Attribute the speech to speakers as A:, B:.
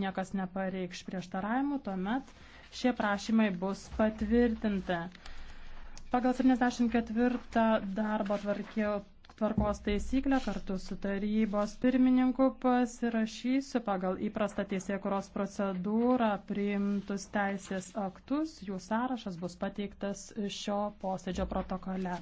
A: niekas nepareikš prieštaravimų, tuomet šie prašymai bus patvirtinti. Pagal 74 darbo tvarkė, tvarkos taisyklę kartu su tarybos pirmininku pasirašysiu pagal įprastą teisėkuros procedūrą priimtus teisės aktus. Jų sąrašas bus pateiktas šio posėdžio protokole.